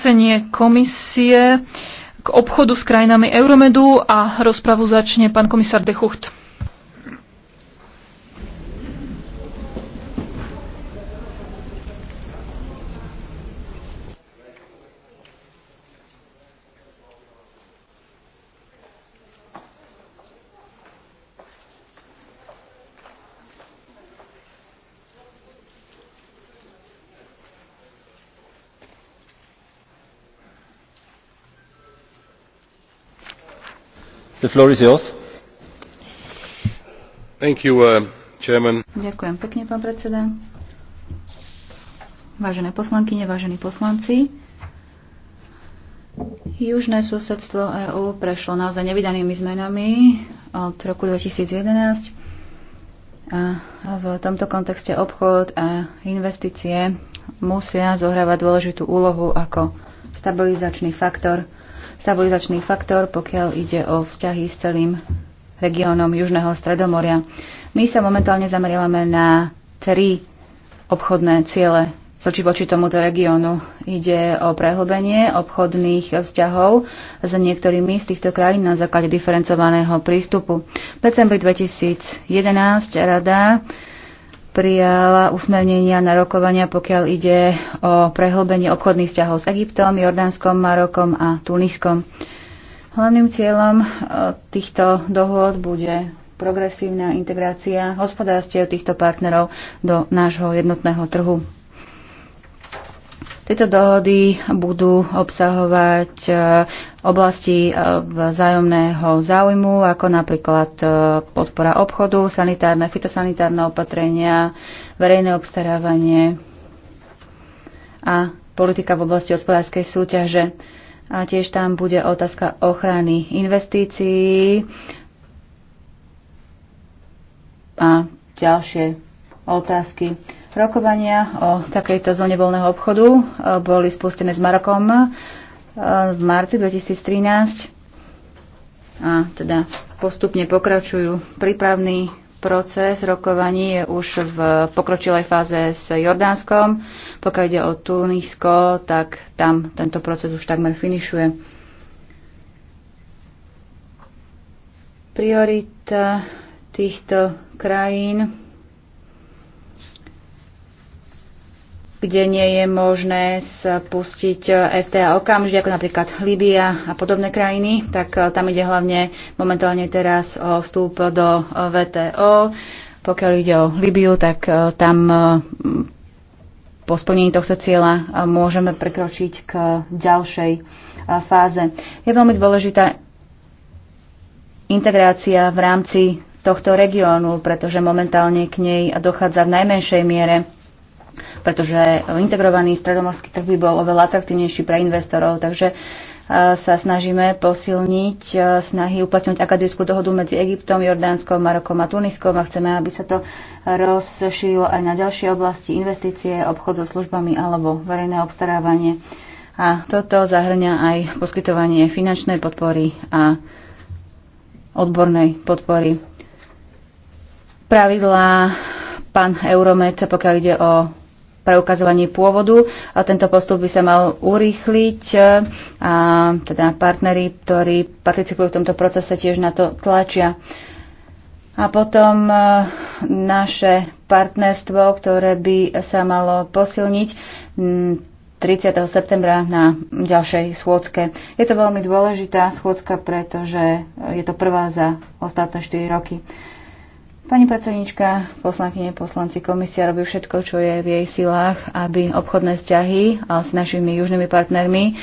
hodnocenie komisie k obchodu s krajinami Euromedu a rozpravu začne pán komisár Dechucht. Uh, Ďakujem pekne, pán predseda. Vážené poslankyne, vážení poslanci, Južné susedstvo EÚ prešlo naozaj nevydanými zmenami od roku 2011. A v tomto kontexte obchod a investície musia zohrávať dôležitú úlohu ako stabilizačný faktor stabilizačný faktor, pokiaľ ide o vzťahy s celým regiónom Južného Stredomoria. My sa momentálne zameriavame na tri obchodné ciele Soči voči tomuto regiónu ide o prehlbenie obchodných vzťahov s niektorými z týchto krajín na základe diferencovaného prístupu. V decembri 2011 Rada prijala usmernenia na rokovania, pokiaľ ide o prehlbenie obchodných vzťahov s Egyptom, Jordánskom, Marokom a Tuniskom. Hlavným cieľom e, týchto dohôd bude progresívna integrácia hospodárstiev týchto partnerov do nášho jednotného trhu. Tieto dohody budú obsahovať e, oblasti e, vzájomného záujmu, ako napríklad e, podpora obchodu, sanitárne, fitosanitárne opatrenia, verejné obstarávanie a politika v oblasti hospodárskej súťaže. A tiež tam bude otázka ochrany investícií a ďalšie otázky. Rokovania o takejto zóne voľného obchodu e, boli spustené s Marokom e, v marci 2013 a teda postupne pokračujú. Prípravný proces rokovaní je už v pokročilej fáze s Jordánskom. Pokiaľ ide o Tunisko, tak tam tento proces už takmer finišuje. Priorita e, týchto krajín kde nie je možné spustiť FTA okamžite, ako napríklad Libia a podobné krajiny, tak eh, tam ide hlavne momentálne teraz o vstup do eh, VTO. Pokiaľ ide o Libiu, tak eh, tam po splnení tohto cieľa môžeme prekročiť k ďalšej fáze. Je veľmi dôležitá integrácia v rámci tohto regiónu, pretože momentálne k nej dochádza v najmenšej miere pretože integrovaný stredomorský trh by bol oveľa atraktívnejší pre investorov, takže e, sa snažíme posilniť e, snahy uplatňovať akadickú dohodu medzi Egyptom, Jordánskom, Marokom a Tuniskom a chceme, aby sa to rozšírilo aj na ďalšie oblasti investície, obchod so službami alebo verejné obstarávanie. A toto zahrňa aj poskytovanie finančnej podpory a odbornej podpory. Pravidlá pán Euromed, pokiaľ ide o preukazovanie pôvodu. A tento postup by sa mal urýchliť a teda partnery, ktorí participujú v tomto procese, tiež na to tlačia. A potom e, naše partnerstvo, ktoré by sa malo posilniť 30. septembra na ďalšej schôdzke. Je to veľmi dôležitá schôdzka, pretože je to prvá za ostatné 4 roky. Pani predsednička, poslankyne, poslanci, komisia robí všetko, čo je v jej silách, aby obchodné vzťahy s našimi južnými partnermi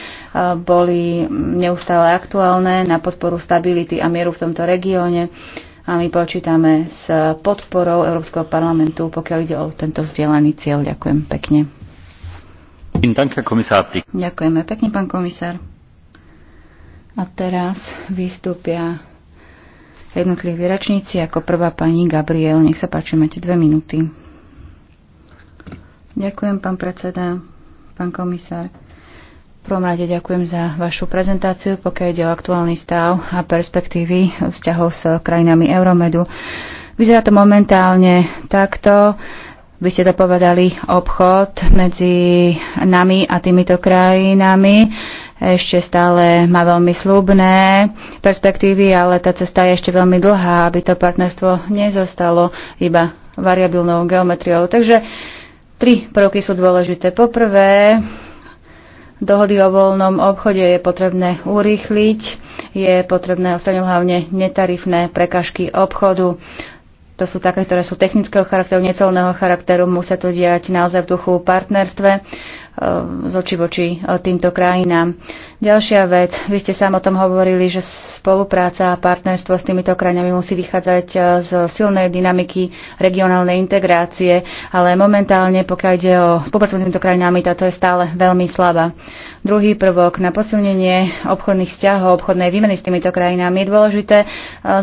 boli neustále aktuálne na podporu stability a mieru v tomto regióne. A my počítame s podporou Európskeho parlamentu, pokiaľ ide o tento vzdielaný cieľ. Ďakujem pekne. Ďakujeme pekne, pán komisár. A teraz vystúpia jednotliví rečníci. Ako prvá pani Gabriel, nech sa páči, máte dve minúty. Ďakujem, pán predseda, pán komisár. V prvom rade ďakujem za vašu prezentáciu, pokiaľ ide o aktuálny stav a perspektívy vzťahov s krajinami Euromedu. Vyzerá to momentálne takto. Vy ste to povedali, obchod medzi nami a týmito krajinami ešte stále má veľmi slúbné perspektívy, ale tá cesta je ešte veľmi dlhá, aby to partnerstvo nezostalo iba variabilnou geometriou. Takže tri prvky sú dôležité. Poprvé, dohody o voľnom obchode je potrebné urýchliť, je potrebné odstrániť hlavne netarifné prekažky obchodu. To sú také, ktoré sú technického charakteru, necelného charakteru, musia to diať naozaj v duchu partnerstve z oči voči e, týmto krajinám. Ďalšia vec, vy ste sám o tom hovorili, že spolupráca a partnerstvo s týmito krajinami musí vychádzať e, z silnej dynamiky regionálnej integrácie, ale momentálne, pokiaľ ide o spoluprácu s týmito krajinami, táto je stále veľmi slabá. Druhý prvok na posilnenie obchodných vzťahov, obchodnej výmeny s týmito krajinami je dôležité e,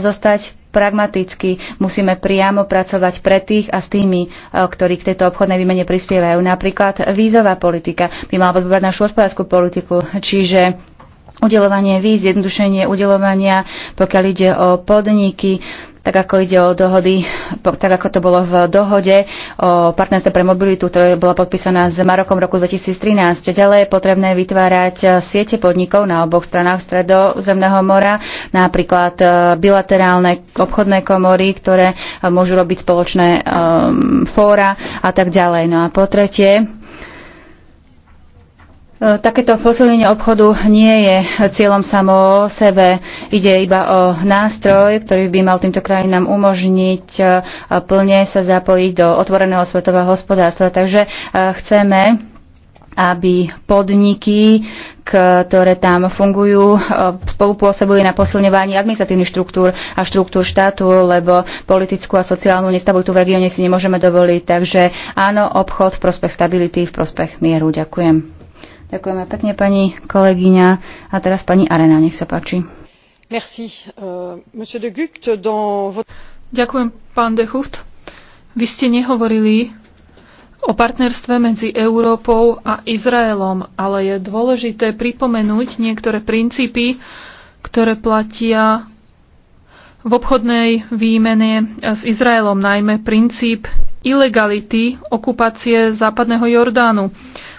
zostať pragmaticky. Musíme priamo pracovať pre tých a s tými, e, ktorí k tejto obchodnej výmene prispievajú. Napríklad vízová politika by mala podporovať našu hospodárskú politiku, čiže udelovanie víz, zjednodušenie udelovania, pokiaľ ide o podniky, tak ako ide o dohody, tak ako to bolo v dohode o partnerstve pre mobilitu, ktorá bola podpísaná s Marokom v roku 2013. Ďalej je potrebné vytvárať eh, siete podnikov na oboch stranách Stredozemného mora, napríklad eh, bilaterálne obchodné komory, ktoré eh, môžu robiť spoločné um, fóra a tak ďalej. No a po tretie, E, takéto posilnenie obchodu nie je cieľom samo o sebe. Ide iba o nástroj, ktorý by mal týmto krajinám umožniť e, plne sa zapojiť do otvoreného svetového hospodárstva. Takže e, chceme, aby podniky, ktoré tam fungujú, spolupôsobili na posilňovanie administratívnych štruktúr a štruktúr štátu, lebo politickú a sociálnu nestabilitu v regióne si nemôžeme dovoliť. Takže áno, obchod v prospech stability, v prospech mieru. Ďakujem. Ďakujeme pekne, pani kolegyňa. A teraz pani Arena, nech sa páči. Merci. Uh, de Gucht, dans... Ďakujem, pán de Hucht. Vy ste nehovorili o partnerstve medzi Európou a Izraelom, ale je dôležité pripomenúť niektoré princípy, ktoré platia v obchodnej výmene s Izraelom, najmä princíp ilegality okupácie západného Jordánu.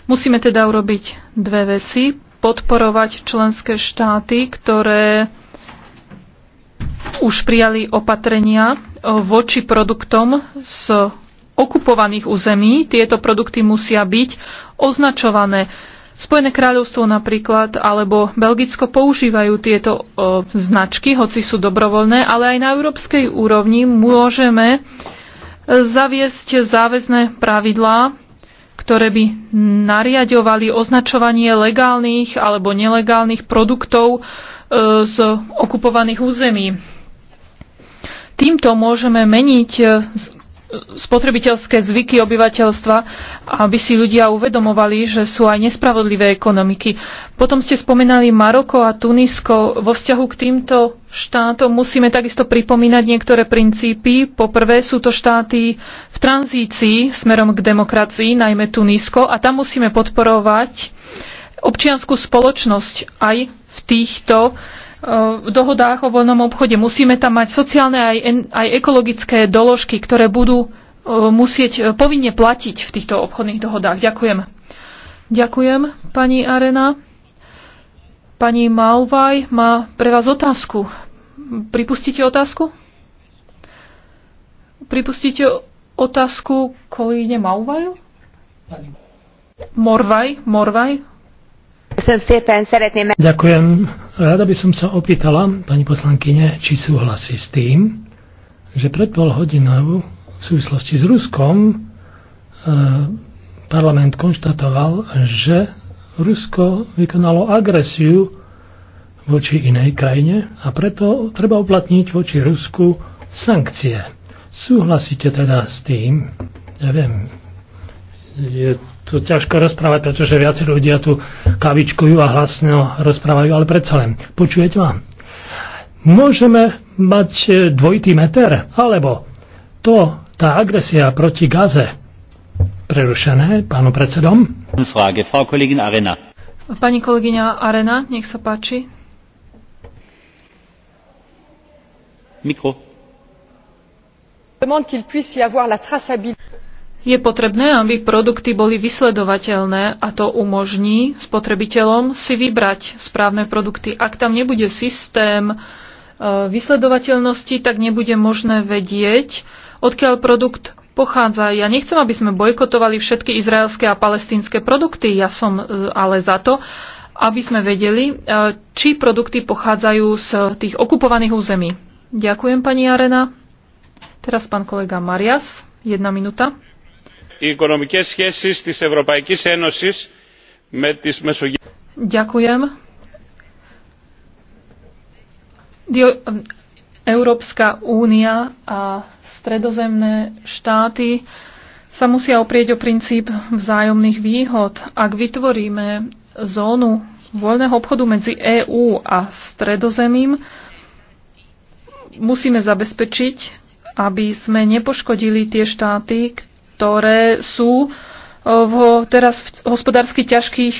Musíme teda urobiť dve veci. Podporovať členské štáty, ktoré už prijali opatrenia voči produktom z okupovaných území. Tieto produkty musia byť označované. Spojené kráľovstvo napríklad alebo Belgicko používajú tieto o, e, značky, hoci sú dobrovoľné, ale aj na európskej úrovni môžeme zaviesť záväzné pravidlá ktoré by nariadovali označovanie legálnych alebo nelegálnych produktov e, z okupovaných území. Týmto môžeme meniť e, spotrebiteľské zvyky obyvateľstva, aby si ľudia uvedomovali, že sú aj nespravodlivé ekonomiky. Potom ste spomenali Maroko a Tunisko. Vo vzťahu k týmto štátom musíme takisto pripomínať niektoré princípy. Poprvé sú to štáty v tranzícii smerom k demokracii, najmä Tunisko, a tam musíme podporovať občianskú spoločnosť aj v týchto uh, v dohodách o voľnom obchode. Musíme tam mať sociálne aj, aj ekologické doložky, ktoré budú e, musieť e, povinne platiť v týchto obchodných dohodách. Ďakujem. Ďakujem, pani Arena. Pani Malvaj má pre vás otázku. Pripustíte otázku? Pripustíte otázku kolíne Malvaju? Morvaj, Morvaj, Ďakujem. Rada by som sa opýtala, pani poslankyne, či súhlasí s tým, že pred pol hodinou v súvislosti s Ruskom e, parlament konštatoval, že Rusko vykonalo agresiu voči inej krajine a preto treba uplatniť voči Rusku sankcie. Súhlasíte teda s tým? Neviem, ja je tu ťažko rozprávať, pretože viaci ľudia tu kavičkujú a hlasne rozprávajú, ale predsa len. Počujete ma? Môžeme mať e, dvojitý meter, alebo to, tá agresia proti Gaze, prerušené pánom predsedom. Frage, Frau Kollegin Arena. Pani kolegyňa Arena, nech sa páči. Mikro. Je potrebné, aby produkty boli vysledovateľné a to umožní spotrebiteľom si vybrať správne produkty. Ak tam nebude systém e, vysledovateľnosti, tak nebude možné vedieť, odkiaľ produkt pochádza. Ja nechcem, aby sme bojkotovali všetky izraelské a palestínske produkty. Ja som e, ale za to, aby sme vedeli, e, či produkty pochádzajú z tých okupovaných území. Ďakujem, pani Arena. Teraz pán kolega Marias. Jedna minúta οι οικονομικές σχέσεις της Ευρωπαϊκής Ένωσης με τις Μεσογειακές. Európska únia a stredozemné štáty sa musia oprieť o princíp vzájomných výhod. Ak vytvoríme zónu voľného obchodu medzi EÚ a stredozemím, musíme zabezpečiť, aby sme nepoškodili tie štáty, ktoré sú v, teraz v hospodársky ťažkých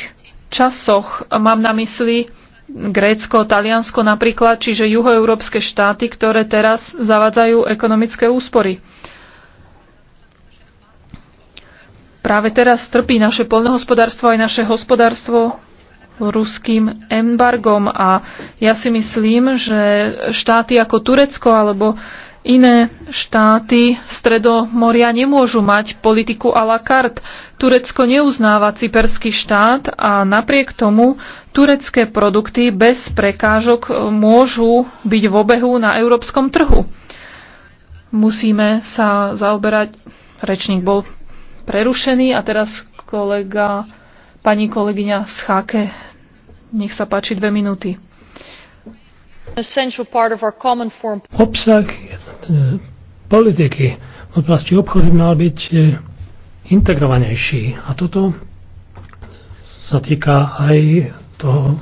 časoch. Mám na mysli Grécko, Taliansko napríklad, čiže juhoeurópske štáty, ktoré teraz zavádzajú ekonomické úspory. Práve teraz trpí naše polnohospodárstvo aj naše hospodárstvo ruským embargom a ja si myslím, že štáty ako Turecko alebo Iné štáty Stredomoria nemôžu mať politiku à la carte. Turecko neuznáva cyperský štát a napriek tomu turecké produkty bez prekážok e, môžu byť v obehu na európskom trhu. Musíme sa zaoberať. Rečník bol prerušený a teraz kolega, pani kolegyňa Schake. Nech sa páči dve minúty. Obsah eh, politiky v oblasti obchodu mal byť eh, integrovanejší. A toto sa týka aj toho,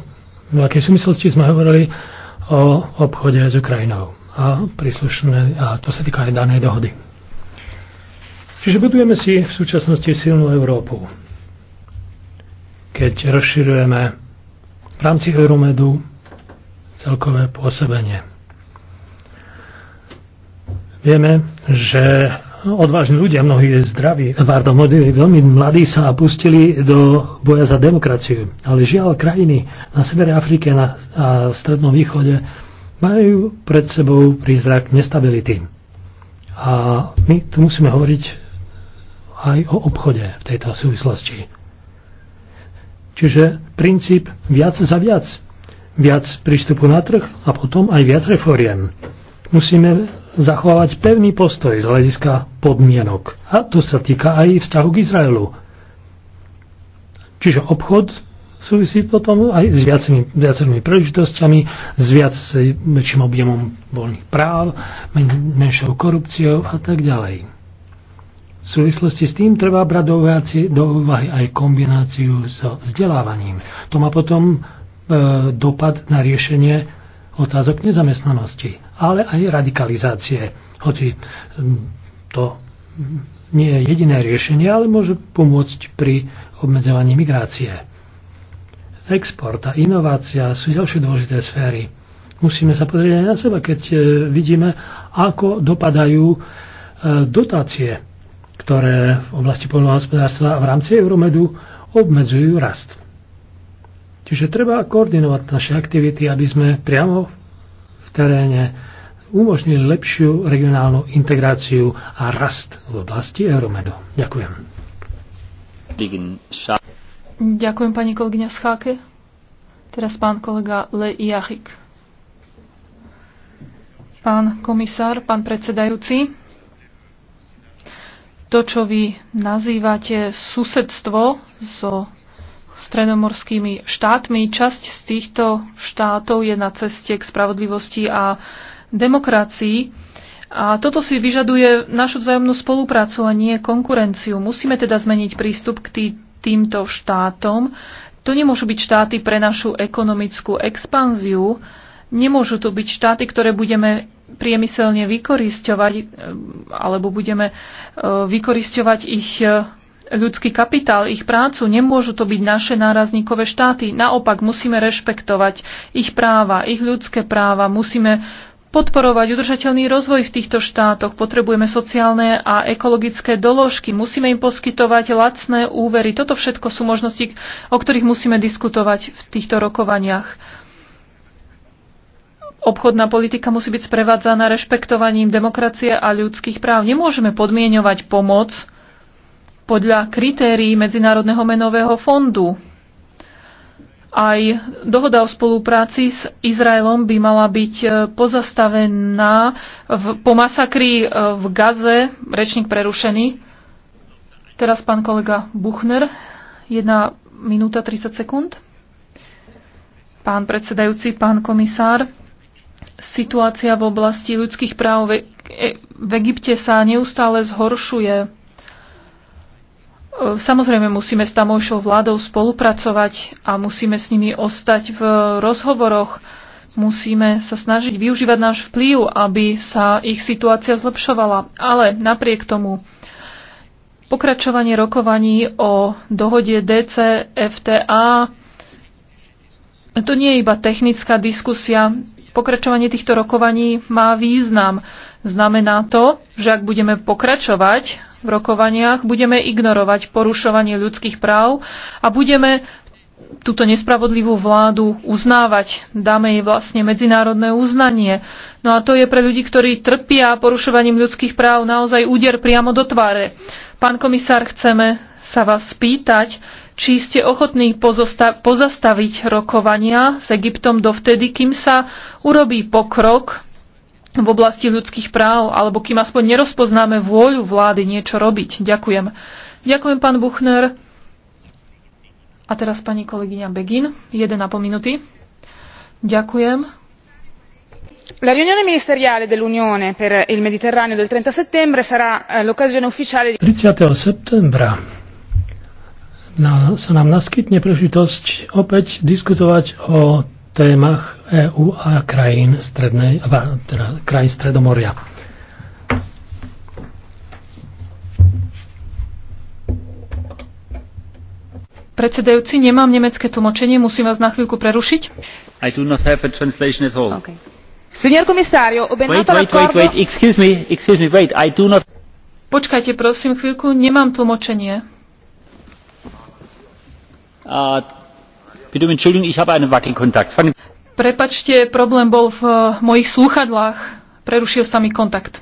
v akej súmyslosti sme hovorili o obchode s Ukrajinou. A, príslušné, a to sa týka aj danej dohody. Čiže budujeme si v súčasnosti silnú Európu. Keď rozširujeme v rámci Euromedu celkové pôsobenie. Vieme, že odvážni ľudia, mnohí zdraví, pardon, veľmi mladí sa pustili do boja za demokraciu. Ale žiaľ, krajiny na severe Afrike na, a strednom východe majú pred sebou prízrak nestability. A my tu musíme hovoriť aj o obchode v tejto súvislosti. Čiže princíp viac za viac viac prístupu na trh a potom aj viac reforiem. Musíme zachovávať pevný postoj z hľadiska podmienok. A to sa týka aj vzťahu k Izraelu. Čiže obchod súvisí potom aj s viacerými, viacerými príležitosťami, s viac väčším objemom voľných práv, men, menšou korupciou a tak ďalej. V súvislosti s tým treba brať do úvahy aj kombináciu so vzdelávaním. To má potom E, dopad na riešenie otázok nezamestnanosti, ale aj radikalizácie. Hoci to nie je jediné riešenie, ale môže pomôcť pri obmedzovaní migrácie. Export a inovácia sú ďalšie dôležité sféry. Musíme sa pozrieť aj na seba, keď e, vidíme, ako dopadajú e, dotácie, ktoré v oblasti poľnohospodárstva v rámci Euromedu obmedzujú rast. Čiže treba koordinovať naše aktivity, aby sme priamo v teréne umožnili lepšiu regionálnu integráciu a rast v oblasti Euromedu. Ďakujem. Ďakujem pani kolegyňa Scháke. Teraz pán kolega Le Iachik. Pán komisár, pán predsedajúci, to, čo vy nazývate susedstvo so stredomorskými štátmi. Časť z týchto štátov je na ceste k spravodlivosti a demokracii. A toto si vyžaduje našu vzájomnú spoluprácu a nie konkurenciu. Musíme teda zmeniť prístup k tý, týmto štátom. To nemôžu byť štáty pre našu ekonomickú expanziu. Nemôžu to byť štáty, ktoré budeme priemyselne vykorisťovať eh, alebo budeme eh, vykorisťovať ich eh, ľudský kapitál, ich prácu, nemôžu to byť naše nárazníkové štáty. Naopak musíme rešpektovať ich práva, ich ľudské práva, musíme podporovať udržateľný rozvoj v týchto štátoch, potrebujeme sociálne a ekologické doložky, musíme im poskytovať lacné úvery. Toto všetko sú možnosti, o ktorých musíme diskutovať v týchto rokovaniach. Obchodná politika musí byť sprevádzaná rešpektovaním demokracie a ľudských práv. Nemôžeme podmienovať pomoc podľa kritérií Medzinárodného menového fondu. Aj dohoda o spolupráci s Izraelom by mala byť e, pozastavená v, po masakri e, v Gaze, rečník prerušený. Teraz pán kolega Buchner, 1 minúta 30 sekúnd. Pán predsedajúci, pán komisár, situácia v oblasti ľudských práv v e- Egypte sa neustále zhoršuje. Samozrejme musíme s tamojšou vládou spolupracovať a musíme s nimi ostať v rozhovoroch. Musíme sa snažiť využívať náš vplyv, aby sa ich situácia zlepšovala. Ale napriek tomu pokračovanie rokovaní o dohode DCFTA to nie je iba technická diskusia. Pokračovanie týchto rokovaní má význam. Znamená to, že ak budeme pokračovať v rokovaniach, budeme ignorovať porušovanie ľudských práv a budeme túto nespravodlivú vládu uznávať. Dáme jej vlastne medzinárodné uznanie. No a to je pre ľudí, ktorí trpia porušovaním ľudských práv, naozaj úder priamo do tváre. Pán komisár, chceme sa vás spýtať, či ste ochotní pozastaviť rokovania s Egyptom dovtedy, kým sa urobí pokrok v oblasti ľudských práv, alebo kým aspoň nerozpoznáme vôľu vlády niečo robiť. Ďakujem. Ďakujem, pán Buchner. A teraz pani kolegyňa Begin, jeden na pominuty. Ďakujem. La riunione ministeriale dell'Unione per il Mediterraneo del 30 settembre sarà eh, l'occasione ufficiale di... 30. septembra na, sa nám naskytne príležitosť opäť diskutovať o témach EU a krajín, strednej, teda krajín Stredomoria. Predsedajúci, nemám nemecké tlmočenie, musím vás na chvíľku prerušiť. I do not have a translation at all. Okay. Signor commissario, ho ben wait, wait, wait, wait, excuse me, excuse me, wait, I do not... Počkajte, prosím, chvíľku, nemám tlmočenie. Uh, bitte um Entschuldigung, ich habe einen Wackelkontakt. Fangen Prepačte, problém bol v eh, mojich slúchadlách. Prerušil sa mi kontakt.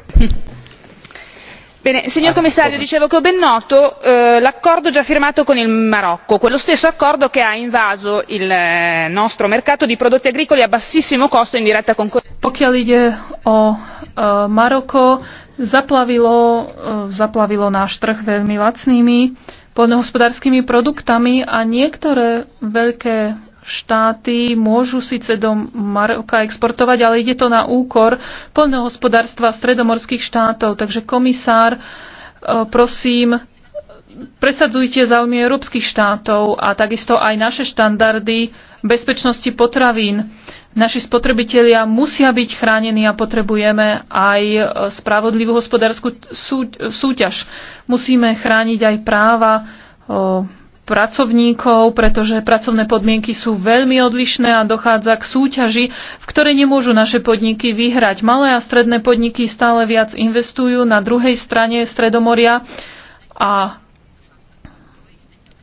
Bene, signor ah, commissario, dicevo che ho ben noto eh, l'accordo già firmato con il Marocco, quello stesso accordo che ha invaso il eh, nostro mercato di prodotti agricoli a bassissimo costo in diretta concorrenza. Pokiaľ ide o uh, eh, Marocco, zaplavilo, uh, zaplavilo náš trh veľmi lacnými poľnohospodárskymi produktami a niektoré veľké štáty môžu síce do Maroka exportovať, ale ide to na úkor poľnohospodárstva stredomorských štátov. Takže komisár, e, prosím, presadzujte záujmy európskych štátov a takisto aj naše štandardy bezpečnosti potravín. Naši spotrebitelia musia byť chránení a potrebujeme aj spravodlivú hospodárskú súťaž. Musíme chrániť aj práva pracovníkov, pretože pracovné podmienky sú veľmi odlišné a dochádza k súťaži, v ktorej nemôžu naše podniky vyhrať. Malé a stredné podniky stále viac investujú na druhej strane Stredomoria a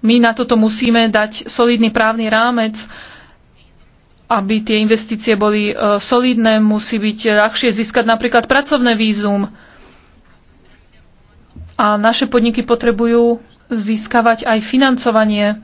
my na toto musíme dať solidný právny rámec, aby tie investície boli e, solidné, musí byť e, ľahšie získať napríklad pracovné vízum. A naše podniky potrebujú získavať aj financovanie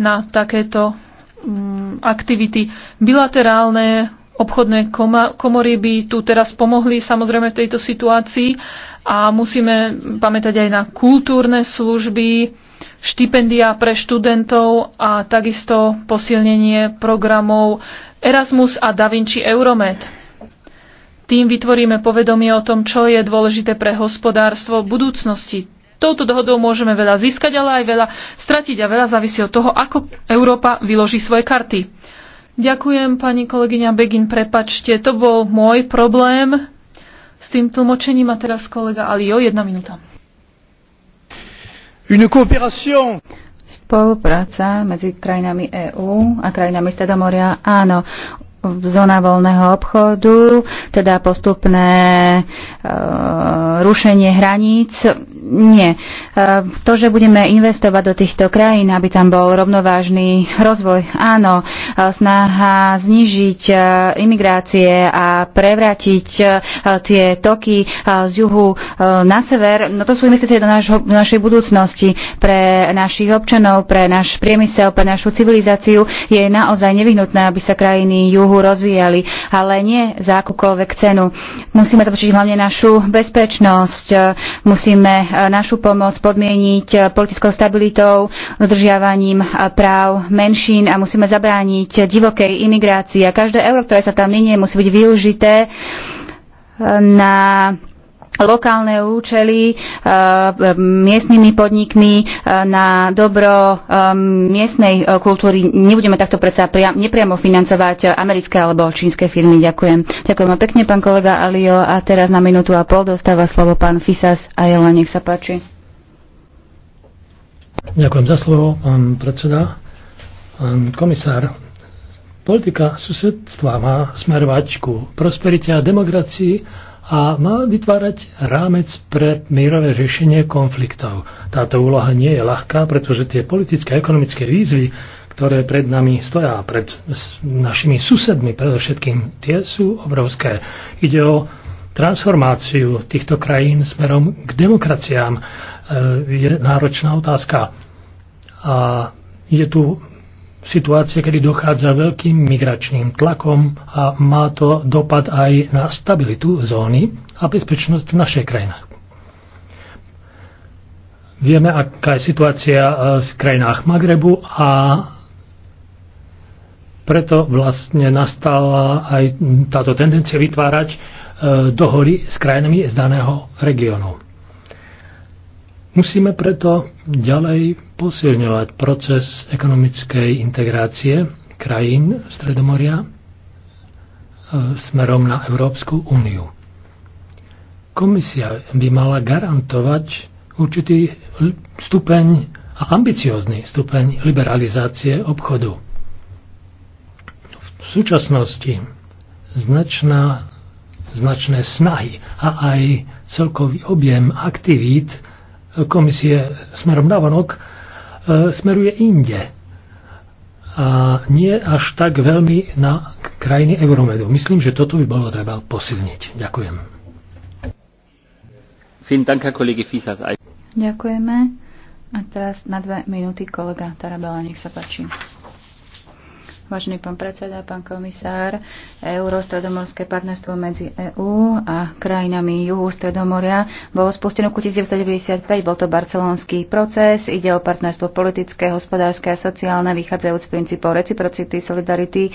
na takéto mm, aktivity. Bilaterálne obchodné komory by tu teraz pomohli samozrejme v tejto situácii a musíme pamätať aj na kultúrne služby, štipendia pre študentov a takisto posilnenie programov Erasmus a Da Vinci Euromed. Tým vytvoríme povedomie o tom, čo je dôležité pre hospodárstvo v budúcnosti touto dohodou môžeme veľa získať, ale aj veľa stratiť a veľa závisí od toho, ako Európa vyloží svoje karty. Ďakujem, pani kolegyňa Begin, prepačte, to bol môj problém s tým tlmočením a teraz kolega Alio, jedna minúta. Une coopération Spolupráca medzi krajinami EÚ a krajinami Stredomoria, áno, zóna voľného obchodu, teda postupné e, rušenie hraníc. Nie. E, to, že budeme investovať do týchto krajín, aby tam bol rovnovážny rozvoj, áno, e, snaha znižiť e, imigrácie a prevrátiť e, tie toky e, z juhu e, na sever, no to sú investície do, našho, do našej budúcnosti pre našich občanov, pre náš priemysel, pre našu civilizáciu. Je naozaj nevyhnutné, aby sa krajiny juhu druhu rozvíjali, ale nie za akúkoľvek cenu. Musíme počiť hlavne našu bezpečnosť, musíme e, našu pomoc podmieniť e, politickou stabilitou, dodržiavaním e, práv menšín a musíme zabrániť divokej imigrácii. A každé euro, ktoré sa tam minie, musí byť využité na lokálne účely eh, miestnymi podnikmi eh, na dobro eh, miestnej kultúry. Nebudeme takto predsa priam, nepriamo financovať americké alebo čínske firmy. Ďakujem. Ďakujem pekne, pán kolega Alio. A teraz na minútu a pol dostáva slovo pán Fisas a Jela, nech sa páči. Ďakujem za slovo, pán predseda. Pán komisár, politika susedstva má smerovať ku prosperite a demokracii a má vytvárať rámec pre mierové riešenie konfliktov. Táto úloha nie je ľahká, pretože tie politické a ekonomické výzvy, ktoré pred nami stoja, pred našimi susedmi predovšetkým, tie sú obrovské. Ide o transformáciu týchto krajín smerom k demokraciám. E, je náročná otázka. A je tu situácie, kedy dochádza veľkým migračným tlakom a má to dopad aj na stabilitu zóny a bezpečnosť v našej krajinách. Vieme, aká je situácia e, v krajinách Magrebu a preto vlastne nastala aj táto tendencia vytvárať e, dohody s krajinami z daného regiónu. Musíme preto ďalej posilňovať proces ekonomickej integrácie krajín Stredomoria e, smerom na Európsku úniu. Komisia by mala garantovať určitý stupeň a ambiciózny stupeň liberalizácie obchodu. V súčasnosti značná, značné snahy a aj celkový objem aktivít komisie smerom navonok e, smeruje inde a nie až tak veľmi na krajiny Euromedu. Myslím, že toto by bolo treba posilniť. Ďakujem. Ďakujeme. A teraz na dve minúty kolega Tarabela, nech sa páči. Vážený pán predseda, pán komisár, Eurostredomorské partnerstvo medzi EÚ a krajinami juhu Stredomoria bolo spustené v 1995. Bol to barcelonský proces. Ide o partnerstvo politické, hospodárske a sociálne, vychádzajúc z princípov reciprocity, solidarity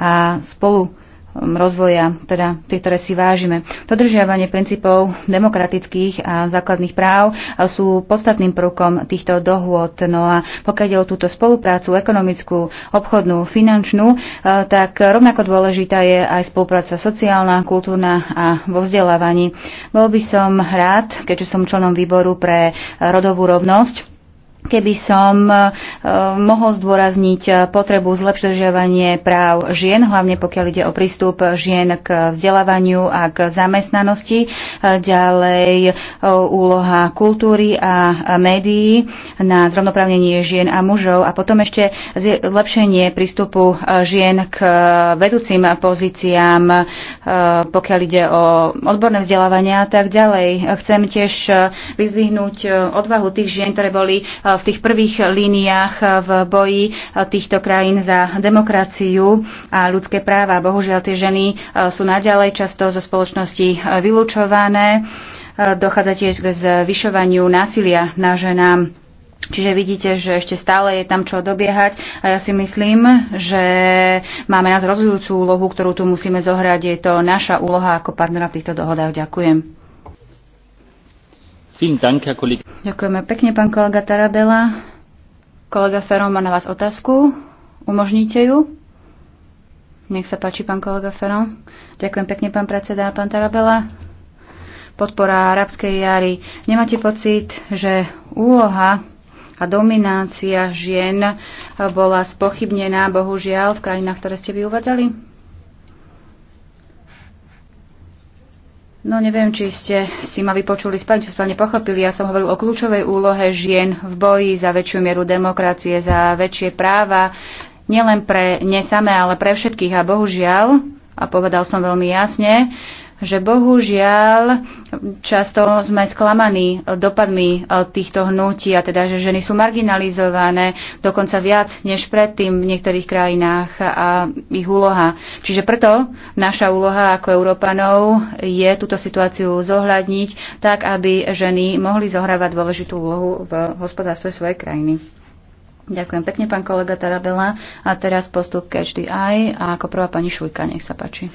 a spolu Um, rozvoja, teda tie, ktoré si vážime. Dodržiavanie princípov demokratických a základných práv sú podstatným prvkom týchto dohôd. No a pokiaľ ide o túto spoluprácu ekonomickú, obchodnú, finančnú, eh, tak rovnako dôležitá je aj spolupráca sociálna, kultúrna a vo vzdelávaní. Bol by som rád, keďže som členom výboru pre rodovú rovnosť, keby som e, mohol zdôrazniť e, potrebu zlepšovanie práv žien, hlavne pokiaľ ide o prístup žien k vzdelávaniu a k zamestnanosti, e, ďalej úloha kultúry a médií na zrovnoprávnenie žien a mužov a potom ešte zlepšenie prístupu žien k vedúcim pozíciám, pokiaľ ide o odborné vzdelávanie a tak ďalej. Chcem tiež vyzvihnúť odvahu tých žien, ktoré boli v tých prvých líniách v boji týchto krajín za demokraciu a ľudské práva. Bohužiaľ, tie ženy e, sú naďalej často zo spoločnosti e, vylúčované. E, dochádza tiež k zvyšovaniu násilia na ženám. Čiže vidíte, že ešte stále je tam čo dobiehať a ja si myslím, že máme nás rozhodujúcu úlohu, ktorú tu musíme zohrať. Je to naša úloha ako partnera v týchto dohodách. Ďakujem. Ďakujeme pekne, pán kolega Tarabela. Kolega Ferom má na vás otázku. Umožníte ju? Nech sa páči, pán kolega Ferom. Ďakujem pekne, pán predseda a pán Tarabela. Podpora arabskej jary. Nemáte pocit, že úloha a dominácia žien bola spochybnená, bohužiaľ, v krajinách, ktoré ste vy uvádzali? No neviem, či ste si ma vypočuli správne, či správne pochopili. Ja som hovoril o kľúčovej úlohe žien v boji za väčšiu mieru demokracie, za väčšie práva, nielen pre ne samé, ale pre všetkých. A bohužiaľ, a povedal som veľmi jasne, že bohužiaľ často sme sklamaní dopadmi e, týchto hnutí a teda, že ženy sú marginalizované dokonca viac než predtým v niektorých krajinách a ich úloha. Čiže preto naša úloha ako Európanov je túto situáciu zohľadniť tak, aby ženy mohli zohrávať dôležitú úlohu v hospodárstve svojej krajiny. Ďakujem pekne, pán kolega Tarabela. A teraz postup Catch the Eye a ako prvá pani Šujka, nech sa páči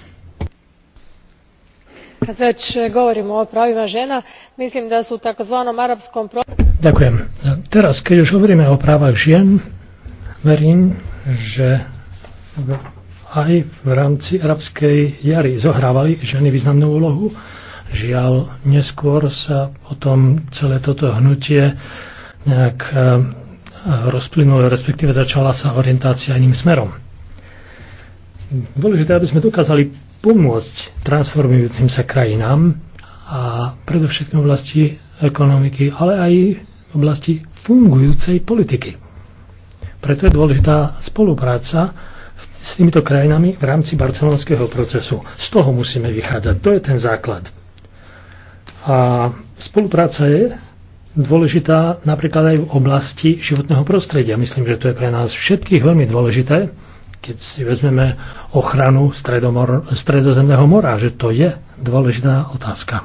kad ve govorimo o pravima ena mislim da su u takozvanom arapskom Ďakujem. Teraz, keď už hovoríme o právach žien, verím, že aj v rámci arabskej jary zohrávali ženy významnú úlohu. Žiaľ, neskôr sa potom celé toto hnutie nejak eh, rozplynulo, respektíve začala sa orientácia iným smerom. Dôležité, aby sme dokázali pomôcť transformujúcim sa krajinám a predovšetkým v oblasti ekonomiky, ale aj v oblasti fungujúcej politiky. Preto je dôležitá spolupráca s týmito krajinami v rámci barcelonského procesu. Z toho musíme vychádzať. To je ten základ. A spolupráca je dôležitá napríklad aj v oblasti životného prostredia. Myslím, že to je pre nás všetkých veľmi dôležité, keď si vezmeme ochranu Stredozemného mora, že to je dôležitá otázka.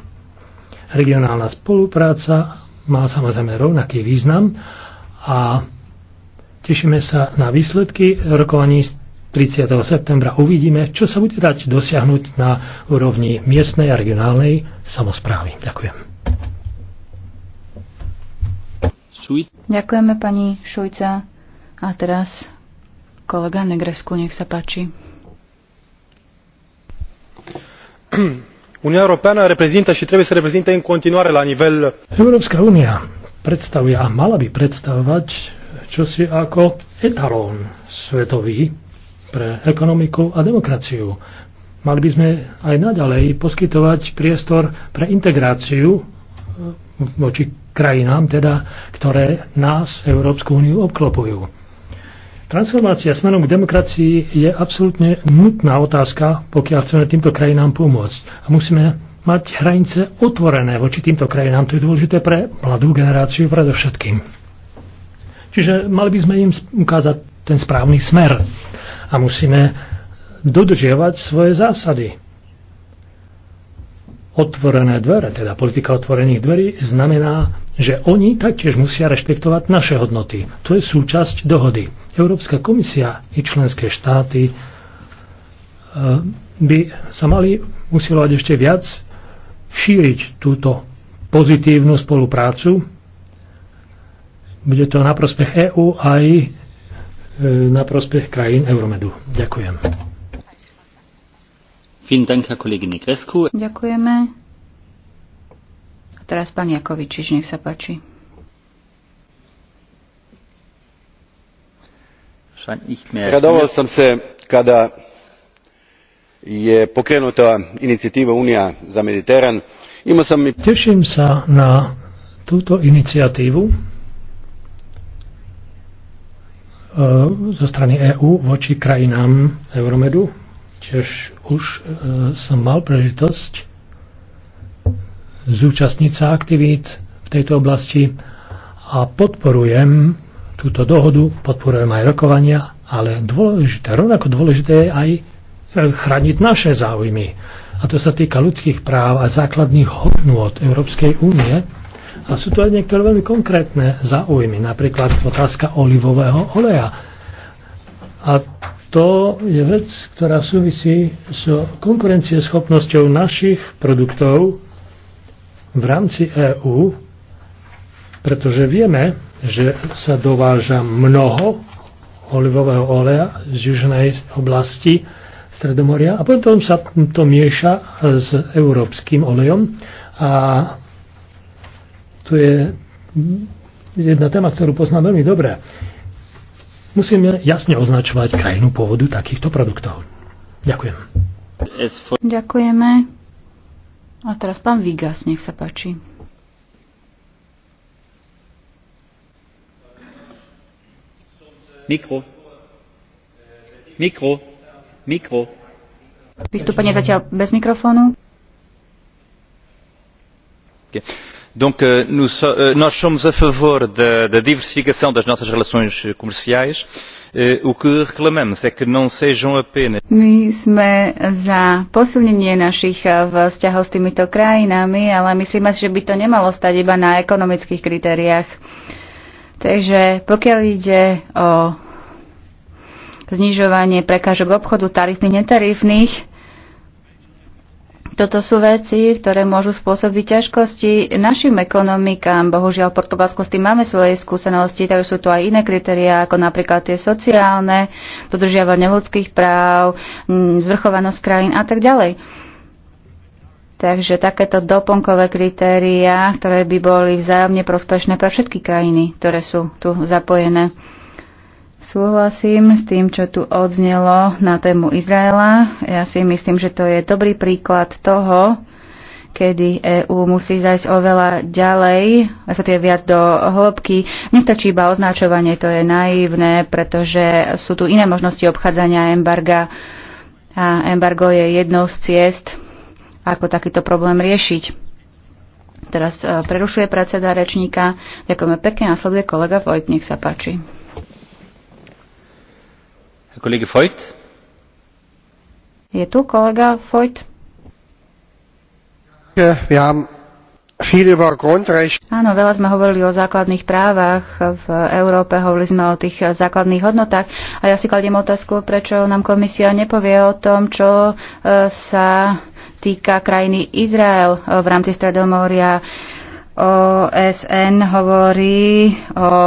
Regionálna spolupráca má samozrejme rovnaký význam a tešíme sa na výsledky rokovaní 30. septembra. Uvidíme, čo sa bude dať dosiahnuť na úrovni miestnej a regionálnej samozprávy. Ďakujem. Ďakujeme pani Šujca. A teraz Kolega Negresku, nech sa páči. Unia Europeană reprezintă și trebuie să reprezinte în continuare la nivel... Európska únia predstavuje a mala by predstavovať čosi ako etalón svetový pre ekonomiku a demokraciu. Mali by sme aj naďalej poskytovať priestor pre integráciu e, voči krajinám, teda, ktoré nás, Európsku úniu, obklopujú. Transformácia smerom k demokracii je absolútne nutná otázka, pokiaľ chceme týmto krajinám pomôcť. A musíme mať hranice otvorené voči týmto krajinám. To je dôležité pre mladú generáciu predovšetkým. Čiže mali by sme im ukázať ten správny smer. A musíme dodržiavať svoje zásady. Otvorené dvere, teda politika otvorených dverí, znamená, že oni taktiež musia rešpektovať naše hodnoty. To je súčasť dohody. Európska komisia i členské štáty e, by sa mali usilovať ešte viac šíriť túto pozitívnu spoluprácu. Bude to na prospech EÚ aj e, na prospech krajín Euromedu. Ďakujem. Ďakujeme. A teraz pán Jakovič, nech sa páči. radovao sam se kada je pokrenuta inicijativa unija za mediteran. teším sa na túto iniciatívu e, zo strany EÚ voči krajinám Euromedu. Tiež už e, som mal prežitosť zúčastniť sa aktivít v tejto oblasti a podporujem túto dohodu, podporujem aj rokovania, ale dôležité, rovnako dôležité je aj e, chrániť naše záujmy. A to sa týka ľudských práv a základných hodnôt Európskej únie. A sú tu aj niektoré veľmi konkrétne záujmy, napríklad otázka olivového oleja. A to je vec, ktorá súvisí s konkurencieschopnosťou našich produktov v rámci EÚ, pretože vieme, že sa dováža mnoho olivového oleja z južnej oblasti Stredomoria a potom sa to mieša s európskym olejom a to je jedna téma, ktorú poznám veľmi dobre. Musíme jasne označovať krajinu pôvodu takýchto produktov. Ďakujem. Ďakujeme. A teraz pán Vigas, nech sa páči. Mikro. Mikro. Vystúpenie zatiaľ bez mikrofónu. Okay. Donc, euh, nous, so, euh, nós somos a favor da, da diversificação das nossas relações comerciais. Euh, o que reclamamos é que não sejam apenas. My sme za posilnenie našich euh, vzťahov s týmito krajinami, ale myslíme si, že by to nemalo stať iba na ekonomických kritériách Takže pokiaľ ide o znižovanie prekážok obchodu tarifných, netarifných, toto sú veci, ktoré môžu spôsobiť ťažkosti našim ekonomikám. Bohužiaľ, v Portugalsku s tým máme svoje skúsenosti, takže sú tu aj iné kritériá, ako napríklad tie sociálne, dodržiavanie ľudských práv, zvrchovanosť krajín a tak ďalej. Takže takéto doplnkové kritériá, ktoré by boli vzájomne prospešné pre všetky krajiny, ktoré sú tu zapojené. Súhlasím s tým, čo tu odznelo na tému Izraela. Ja si myslím, že to je dobrý príklad toho, kedy EÚ musí zajsť oveľa ďalej, sa tie viac do hĺbky. Nestačí iba označovanie, to je naivné, pretože sú tu iné možnosti obchádzania embarga a embargo je jednou z ciest, ako takýto problém riešiť. Teraz e, prerušuje predseda rečníka. Ďakujeme pekne. Nasleduje kolega Vojt. Nech sa páči. Kolega Vojt. Je tu kolega Vojt? Ja, Áno, veľa sme hovorili o základných právach v Európe, hovorili sme o tých základných hodnotách a ja si kladiem otázku, prečo nám komisia nepovie o tom, čo e, sa týka krajiny Izrael eh, v rámci Stredomoria. OSN hovorí o, o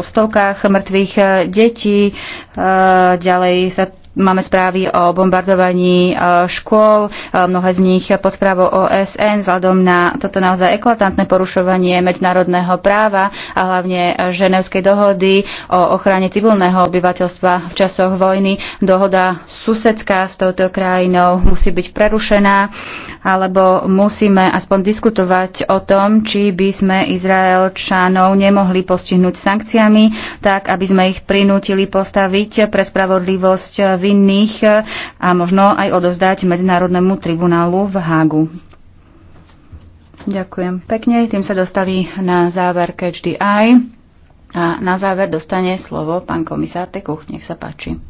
stovkách mŕtvych eh, detí, eh, ďalej sa Máme správy o bombardovaní e, škôl, e, mnohé z nich pod správou OSN, vzhľadom na toto naozaj eklatantné porušovanie medzinárodného práva a hlavne Ženevskej dohody o ochrane civilného obyvateľstva v časoch vojny. Dohoda susedská s touto krajinou musí byť prerušená, alebo musíme aspoň diskutovať o tom, či by sme Izraelčanov nemohli postihnúť sankciami, tak aby sme ich prinútili postaviť pre spravodlivosť v nevinných e, a možno aj odovzdať Medzinárodnému tribunálu v Hágu. Ďakujem pekne. Tým sa dostali na záver KHDI. A na záver dostane slovo pán komisár Tekuch. Nech sa páči.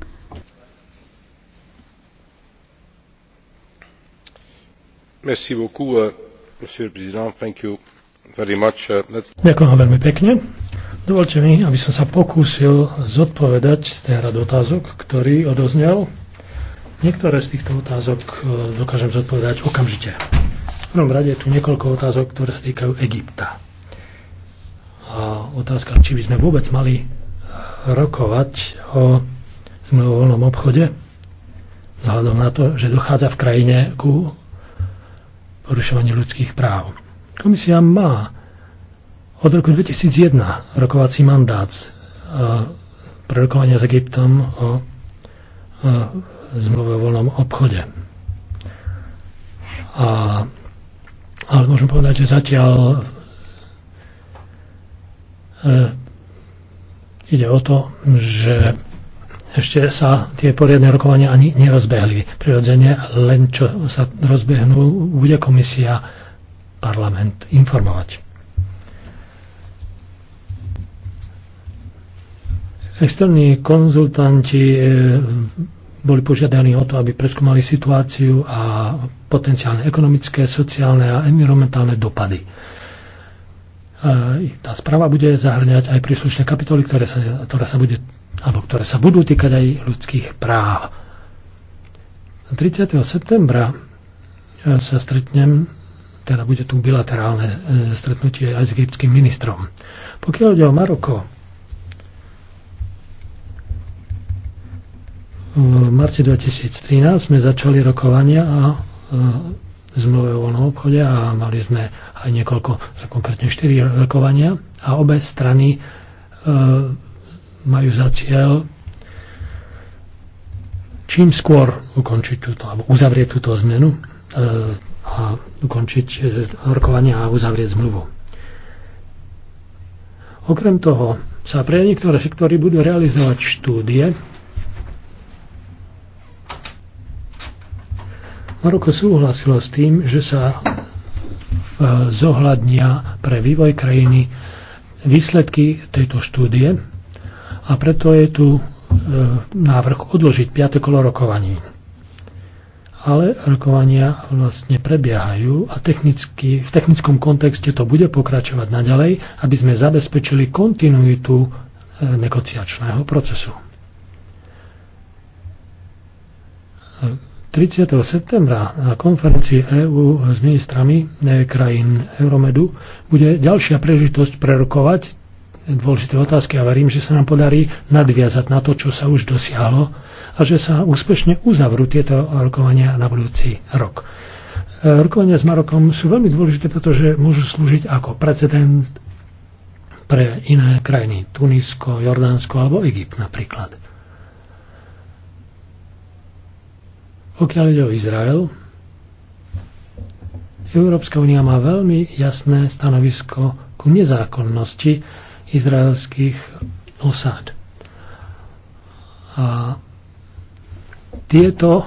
Merci beaucoup, euh, monsieur le président. Thank you very much. Euh, let's... Ďakujem veľmi pekne. Dovolte mi, aby som sa pokúsil zodpovedať z ten rad otázok, ktorý odoznel. Niektoré z týchto otázok e, dokážem zodpovedať okamžite. V prvom rade je tu niekoľko otázok, ktoré sa týkajú Egypta. A otázka, či by sme vôbec mali e, rokovať o zmluvovolnom obchode, vzhľadom na to, že dochádza v krajine ku porušovaniu ľudských práv. Komisia má od roku 2001 rokovací mandát e, pre rokovanie s Egyptom o e, zmluve o voľnom obchode. A, ale môžem povedať, že zatiaľ e, ide o to, že ešte sa tie poriadne rokovania ani nerozbehli. Prirodzene len čo sa rozbehnú, bude komisia parlament informovať. Externí konzultanti e, boli požiadaní o to, aby preskúmali situáciu a potenciálne ekonomické, sociálne a environmentálne dopady. E, tá správa bude zahrňať aj príslušné kapitoly, ktoré sa, ktoré sa, bude, alebo ktoré sa budú týkať aj ľudských práv. 30. septembra e, sa stretnem teda bude tu bilaterálne stretnutie aj s egyptským ministrom. Pokiaľ ide o Maroko, V marci 2013 sme začali rokovania a e, zmluve o voľnom obchode a mali sme aj niekoľko, konkrétne 4 rokovania a obe strany e, majú za cieľ čím skôr ukončiť túto, alebo uzavrieť túto zmenu e, a ukončiť e, rokovania a uzavrieť zmluvu. Okrem toho sa pre niektoré sektory budú realizovať štúdie, Maroko súhlasilo s tým, že sa e, zohľadnia pre vývoj krajiny výsledky tejto štúdie a preto je tu e, návrh odložiť 5. kolo rokovaní. Ale rokovania vlastne prebiehajú a technicky, v technickom kontexte to bude pokračovať naďalej, aby sme zabezpečili kontinuitu e, negociačného procesu 30. septembra na konferencii EÚ s ministrami e, krajín Euromedu bude ďalšia príležitosť prerokovať dôležité otázky a verím, že sa nám podarí nadviazať na to, čo sa už dosiahlo a že sa úspešne uzavrú tieto rokovania na budúci rok. E, rokovania s Marokom sú veľmi dôležité, pretože môžu slúžiť ako precedent pre iné krajiny, Tunisko, Jordánsko alebo Egypt napríklad. Pokiaľ ide o Izrael, Európska únia má veľmi jasné stanovisko ku nezákonnosti izraelských osád. A tieto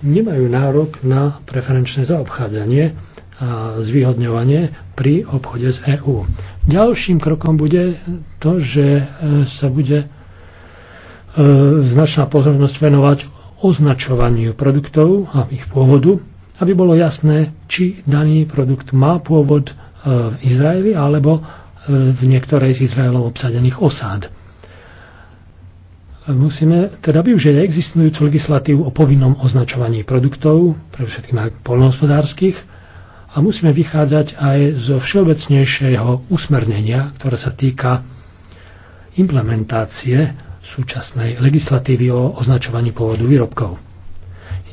nemajú nárok na preferenčné zaobchádzanie a zvýhodňovanie pri obchode s EÚ. Ďalším krokom bude to, že e, sa bude e, značná pozornosť venovať označovaniu produktov a ich pôvodu, aby bolo jasné, či daný produkt má pôvod e, v Izraeli alebo v niektorej z Izraelov obsadených osád. Musíme teda využiť existujúcu legislatívu o povinnom označovaní produktov, pre všetkým aj polnohospodárskych, a musíme vychádzať aj zo všeobecnejšieho usmernenia, ktoré sa týka implementácie súčasnej legislatívy o označovaní pôvodu výrobkov.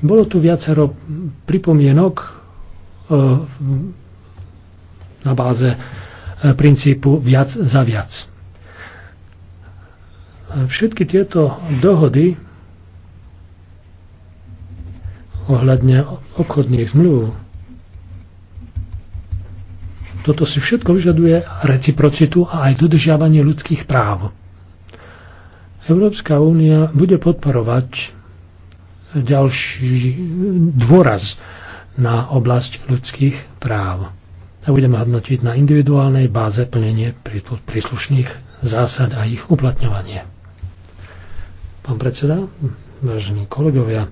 Bolo tu viacero pripomienok e, na báze e, princípu viac za viac. Všetky tieto dohody ohľadne obchodných zmluv toto si všetko vyžaduje reciprocitu a aj dodržiavanie ľudských práv. Európska únia bude podporovať ďalší dôraz na oblasť ľudských práv a budeme hodnotiť na individuálnej báze plnenie príslušných zásad a ich uplatňovanie. Pán predseda, vážení kolegovia,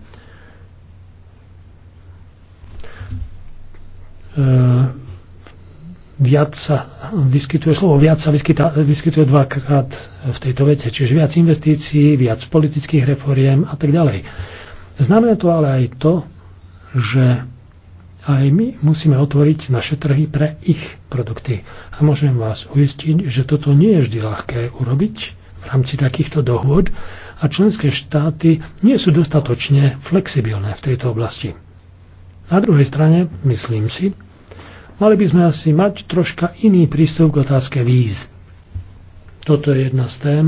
e viac sa vyskytuje, slovo viac sa vyskytá, vyskytuje dvakrát v tejto vete, čiže viac investícií, viac politických reforiem a tak ďalej. Znamená to ale aj to, že aj my musíme otvoriť naše trhy pre ich produkty. A môžem vás uistiť, že toto nie je vždy ľahké urobiť v rámci takýchto dohôd a členské štáty nie sú dostatočne flexibilné v tejto oblasti. Na druhej strane, myslím si, Mali by sme asi mať troška iný prístup k otázke víz. Toto je jedna z tém,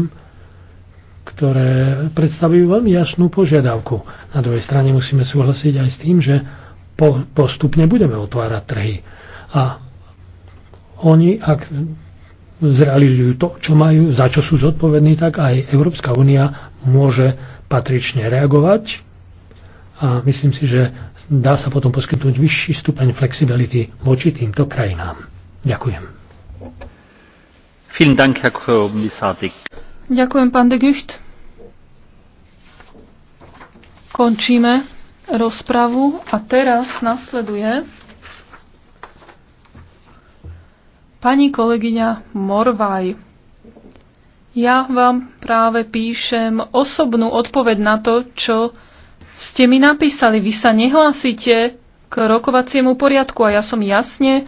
ktoré predstavujú veľmi jasnú požiadavku. Na druhej strane musíme súhlasiť aj s tým, že po, postupne budeme otvárať trhy. A oni, ak zrealizujú to, čo majú, za čo sú zodpovední, tak aj Európska únia môže patrične reagovať a myslím si, že dá sa potom poskytnúť vyšší stupeň flexibility voči týmto krajinám. Ďakujem. Ďakujem, pán de Gucht. Končíme rozpravu a teraz nasleduje pani kolegyňa Morvaj. Ja vám práve píšem osobnú odpoveď na to, čo ste mi napísali, vy sa nehlásite k rokovaciemu poriadku a ja som jasne